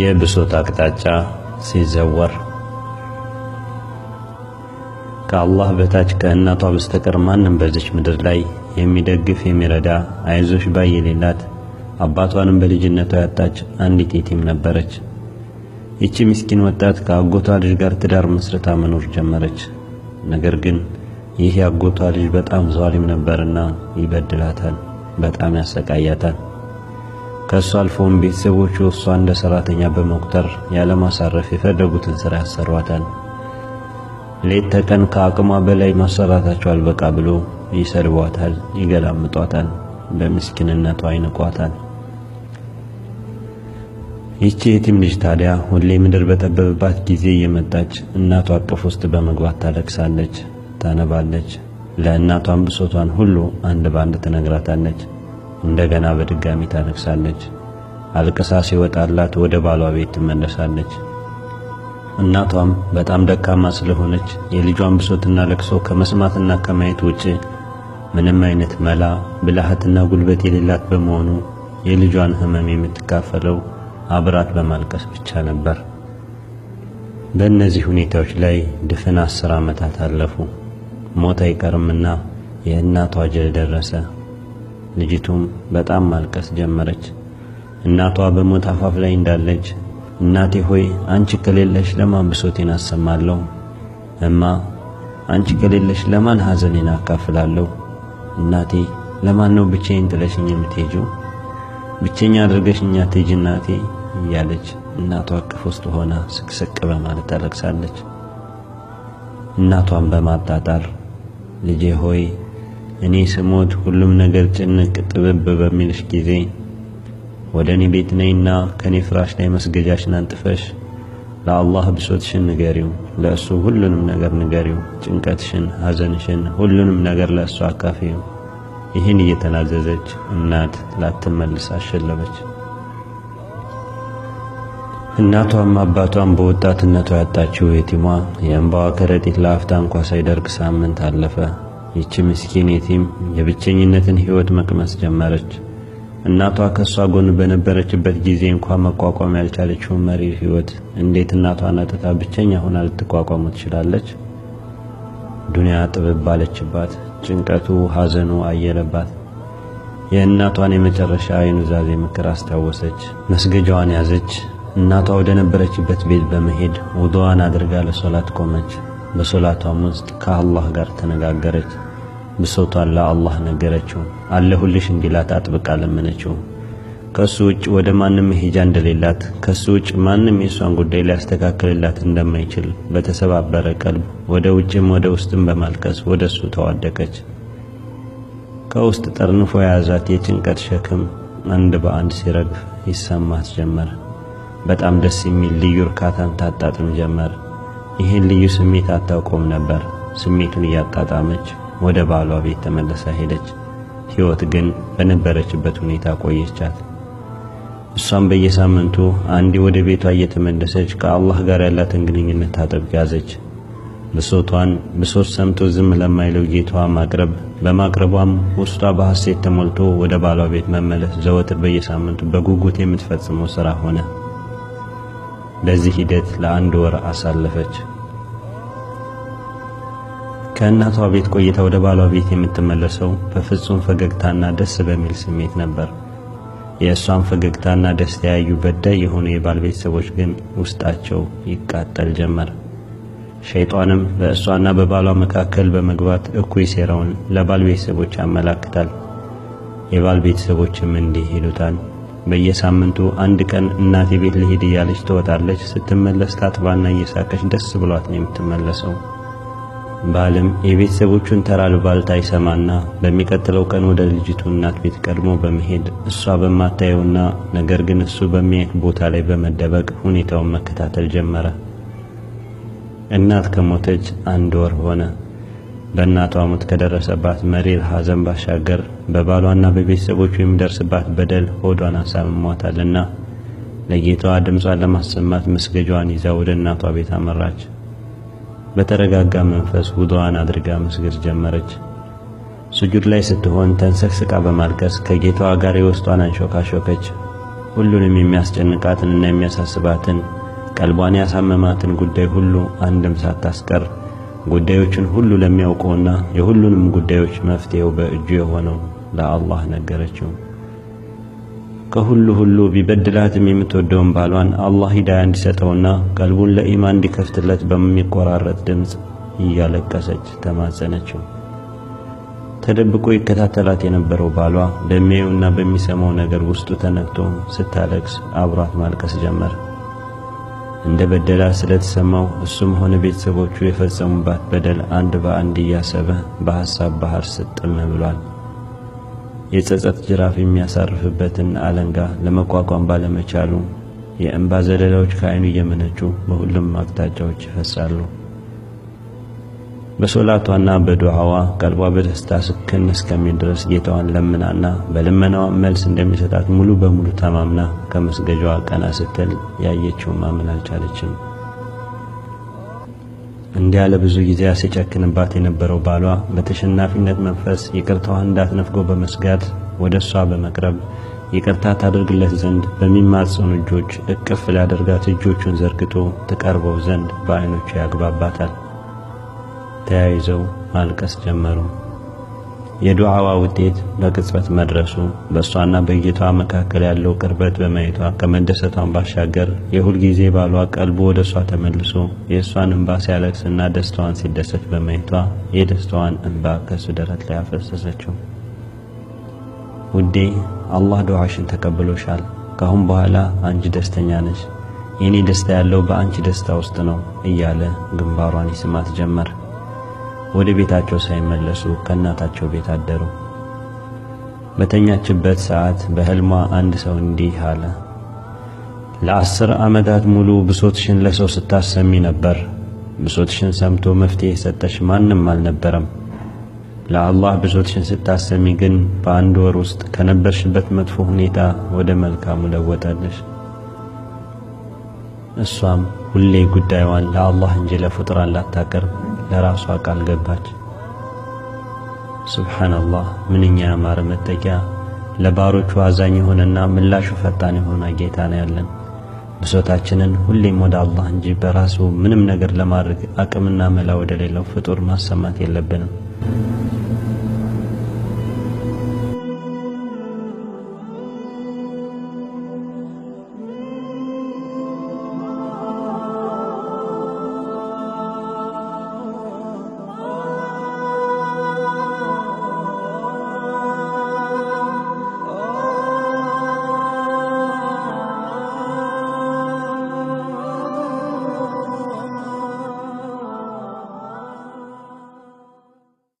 የብሶት አቅጣጫ ሲዘወር ከአላህ በታች ከእናቷ በስተቀር ማንም በዚች ምድር ላይ የሚደግፍ የሚረዳ አይዞሽ ባይ የሌላት አባቷንም በልጅነቷ ያጣች አንዲት የቲም ነበረች። ይቺ ምስኪን ወጣት ከአጎቷ ልጅ ጋር ትዳር መስርታ መኖር ጀመረች። ነገር ግን ይህ የአጎቷ ልጅ በጣም ዟሊም ነበርና ይበድላታል፣ በጣም ያሰቃያታል። ከእሱ አልፎም ቤተሰቦቹ እሷ እንደ ሰራተኛ በመቁጠር ያለማሳረፍ የፈለጉትን ስራ ያሰሯታል። ሌት ተቀን ከአቅሟ በላይ ማሰራታቸው አልበቃ ብሎ ይሰድቧታል፣ ይገላምጧታል፣ በምስኪንነቷ አይንቋታል። ይቺ የቲም ልጅ ታዲያ ሁሌ ምድር በጠበበባት ጊዜ እየመጣች እናቷ አቅፍ ውስጥ በመግባት ታለቅሳለች፣ ታነባለች። ለእናቷን ብሶቷን ሁሉ አንድ ባንድ ትነግራታለች። እንደገና በድጋሚ ታነክሳለች። አልቅሳ ሲወጣላት ወደ ባሏ ቤት ትመለሳለች። እናቷም በጣም ደካማ ስለሆነች የልጇን ብሶትና ለቅሶ ከመስማትና ከማየት ውጪ ምንም አይነት መላ ብልሃትና ጉልበት የሌላት በመሆኑ የልጇን ሕመም የምትካፈለው አብራት በማልቀስ ብቻ ነበር። በእነዚህ ሁኔታዎች ላይ ድፍን አስር ዓመታት አለፉ። ሞት አይቀርምና የእናቷ አጀል ደረሰ። ልጅቱም በጣም ማልቀስ ጀመረች። እናቷ በሞት አፋፍ ላይ እንዳለች እናቴ ሆይ አንቺ ከሌለሽ ለማን ብሶቴን አሰማለሁ? እማ አንቺ ከሌለሽ ለማን ሐዘኔን አካፍላለሁ? እናቴ ለማን ነው ብቻዬን ጥለሽኝ የምትሄጂው? ብቸኛ አድርገሽኛ ትሄጂ እናቴ እያለች እናቷ እቅፍ ውስጥ ሆና ስቅስቅ በማለት ታለቅሳለች። እናቷን በማጣጣር ልጄ ሆይ እኔ ስሞት ሁሉም ነገር ጭንቅ ጥብብ በሚልሽ ጊዜ ወደ እኔ ቤት ነይና ከኔ ፍራሽ ላይ መስገጃሽን አንጥፈሽ ለአላህ ብሶትሽን ንገሪው፣ ለእሱ ሁሉንም ነገር ንገሪው። ጭንቀትሽን፣ ሐዘንሽን፣ ሁሉንም ነገር ለእሱ አካፊው። ይህን እየተናዘዘች እናት ላትመልስ አሸለበች። እናቷም አባቷም በወጣትነቷ ያጣችው የቲሟ የእንባዋ ከረጢት ለአፍታ እንኳ ሳይደርግ ሳምንት አለፈ። ይቺ ምስኪን የቲም የብቸኝነትን ሕይወት መቅመስ ጀመረች። እናቷ ከእሷ ጎን በነበረችበት ጊዜ እንኳ መቋቋም ያልቻለችውን መሪር ሕይወት እንዴት እናቷን አጥታ ብቸኛ ሆና ልትቋቋሙ ትችላለች? ዱንያ ጥብብ ባለችባት፣ ጭንቀቱ ሐዘኑ አየለባት። የእናቷን የመጨረሻ የኑዛዜ ምክር አስታወሰች። መስገጃዋን ያዘች። እናቷ ወደ ነበረችበት ቤት በመሄድ ውዱዋን አድርጋ ለሶላት ቆመች። በሶላቷም ውስጥ ከአላህ ጋር ተነጋገረች። ብሶቷን ለአላህ ነገረችው። አለሁልሽ እንዲላት አጥብቃ ለመነችው። ከእሱ ውጭ ወደ ማንም መሄጃ እንደሌላት፣ ከእሱ ውጭ ማንም የእሷን ጉዳይ ሊያስተካክልላት እንደማይችል በተሰባበረ ቀልብ ወደ ውጭም ወደ ውስጥም በማልቀስ ወደ እሱ ተዋደቀች። ከውስጥ ጠርንፎ የያዛት የጭንቀት ሸክም አንድ በአንድ ሲረግፍ ይሰማት ጀመር። በጣም ደስ የሚል ልዩ እርካታን ታጣጥም ጀመር። ይህን ልዩ ስሜት አታውቀውም ነበር። ስሜቱን እያጣጣመች ወደ ባሏ ቤት ተመለሳ ሄደች። ሕይወት ግን በነበረችበት ሁኔታ ቆየቻት። እሷም በየሳምንቱ አንዲ ወደ ቤቷ እየተመለሰች ከአላህ ጋር ያላትን ግንኙነት ታጠብቅ ያዘች። ብሶቷን ብሶት ሰምቶ ዝም ለማይለው ጌቷ ማቅረብ በማቅረቧም ውስጧ በሐሴት ተሞልቶ ወደ ባሏ ቤት መመለስ ዘወትር በየሳምንቱ በጉጉት የምትፈጽመው ሥራ ሆነ። በዚህ ሂደት ለአንድ ወር አሳለፈች። ከእናቷ ቤት ቆይታ ወደ ባሏ ቤት የምትመለሰው በፍጹም ፈገግታና ደስ በሚል ስሜት ነበር። የእሷን ፈገግታና ደስታ ያዩ በዳይ የሆኑ የባል ቤተሰቦች ግን ውስጣቸው ይቃጠል ጀመር። ሸይጣንም በእሷና በባሏ መካከል በመግባት እኩይ ሴራውን ለባል ቤተሰቦች ያመላክታል። የባል ቤተሰቦችም እንዲህ ይሉታል። በየሳምንቱ አንድ ቀን እናቴ ቤት ልሄድ እያለች ትወጣለች። ስትመለስ ታጥባና እየሳቀች ደስ ብሏት ነው የምትመለሰው። ባልም የቤተሰቦቹን ተራ አሉባልታ ይሰማና በሚቀጥለው ቀን ወደ ልጅቱ እናት ቤት ቀድሞ በመሄድ እሷ በማታየውና ነገር ግን እሱ በሚያየት ቦታ ላይ በመደበቅ ሁኔታውን መከታተል ጀመረ። እናት ከሞተች አንድ ወር ሆነ። በእናቷ ሞት ከደረሰባት መሪር ሐዘን ባሻገር በባሏና በቤተሰቦቹ የሚደርስባት በደል ሆዷን አሳምሟታልና ለጌቷ ድምጿን ለማሰማት መስገጃዋን ይዛ ወደ እናቷ ቤት አመራች። በተረጋጋ መንፈስ ውዷዋን አድርጋ መስገድ ጀመረች። ስጁድ ላይ ስትሆን ተንሰቅስቃ በማልቀስ ከጌቷ ጋር የውስጧን አንሾካሾከች። ሁሉንም የሚያስጨንቃትንና የሚያሳስባትን ቀልቧን ያሳመማትን ጉዳይ ሁሉ አንድም ሳታስቀር ጉዳዮችን ሁሉ ለሚያውቀውና የሁሉንም ጉዳዮች መፍትሄው በእጁ የሆነው ለአላህ ነገረችው። ከሁሉ ሁሉ ቢበድላትም የምትወደውን ባሏን አላህ ሂዳያ እንዲሰጠውና ቀልቡን ለኢማን እንዲከፍትለት በሚቆራረጥ ድምፅ እያለቀሰች ተማጸነችው። ተደብቆ ይከታተላት የነበረው ባሏ በሚያየውና በሚሰማው ነገር ውስጡ ተነክቶ ስታለቅስ አብሯት ማልቀስ ጀመር። እንደ በደላ ስለተሰማው እሱም ሆነ ቤተሰቦቹ የፈጸሙባት በደል አንድ በአንድ እያሰበ በሐሳብ ባሕር ስጥም ብሏል። የጸጸት ጅራፍ የሚያሳርፍበትን አለንጋ ለመቋቋም ባለመቻሉ የእንባ ዘለላዎች ከዓይኑ እየመነጩ በሁሉም አቅጣጫዎች ይፈሳሉ። በሶላቷና በዱዓዋ ቀልቧ በደስታ ስክን እስከሚል ድረስ ጌታዋን ለምናና በልመናዋ መልስ እንደሚሰጣት ሙሉ በሙሉ ተማምና ከመስገጃዋ ቀና ስትል ያየችው ማመን አልቻለችም። እንዲህ ያለ ብዙ ጊዜ ሲጨክንባት የነበረው ባሏ በተሸናፊነት መንፈስ ይቅርታዋን እንዳትነፍጎ በመስጋት ወደ እሷ በመቅረብ ይቅርታ ታደርግለት ዘንድ በሚማጸኑ እጆች እቅፍ ሊያደርጋት እጆቹን ዘርግቶ ትቀርበው ዘንድ በዓይኖቹ ያግባባታል። ተያይዘው ማልቀስ ጀመሩ። የዱዓዋ ውጤት በቅጽበት መድረሱ በእሷና በጌቷ መካከል ያለው ቅርበት በማየቷ ከመደሰቷን ባሻገር የሁል ጊዜ ባሏ ቀልቡ ወደ እሷ ተመልሶ የእሷን እንባ ሲያለቅስና ደስታዋን ሲደሰት በማየቷ የደስታዋን እንባ ከእሱ ደረት ላይ አፈሰሰችው። ውዴ አላህ ዱዓሽን ተቀብሎሻል። ካሁን በኋላ አንቺ ደስተኛ ነሽ። የእኔ ደስታ ያለው በአንቺ ደስታ ውስጥ ነው እያለ ግንባሯን ይስማት ጀመር። ወደ ቤታቸው ሳይመለሱ ከእናታቸው ቤት አደሩ። በተኛችበት ሰዓት በህልሟ አንድ ሰው እንዲህ አለ። ለአስር ዓመታት ሙሉ ብሶትሽን ለሰው ስታሰሚ ነበር። ብሶትሽን ሰምቶ መፍትሄ የሰጠሽ ማንም አልነበረም። ለአላህ ብሶትሽን ስታሰሚ ግን በአንድ ወር ውስጥ ከነበርሽበት መጥፎ ሁኔታ ወደ መልካሙ ለወጠልሽ። እሷም ሁሌ ጉዳይዋን ለአላህ እንጂ ለፍጡር ላታቀርብ ለራሷ ቃል ገባች። ሱብሓነላህ ምንኛ ያማረ መጠጊያ ለባሮቹ አዛኝ የሆነና ምላሹ ፈጣን የሆነ ጌታ ነው ያለን። ብሶታችንን ሁሌም ወደ አላህ እንጂ በራሱ ምንም ነገር ለማድረግ አቅምና መላ ወደሌለው ፍጡር ማሰማት የለብንም።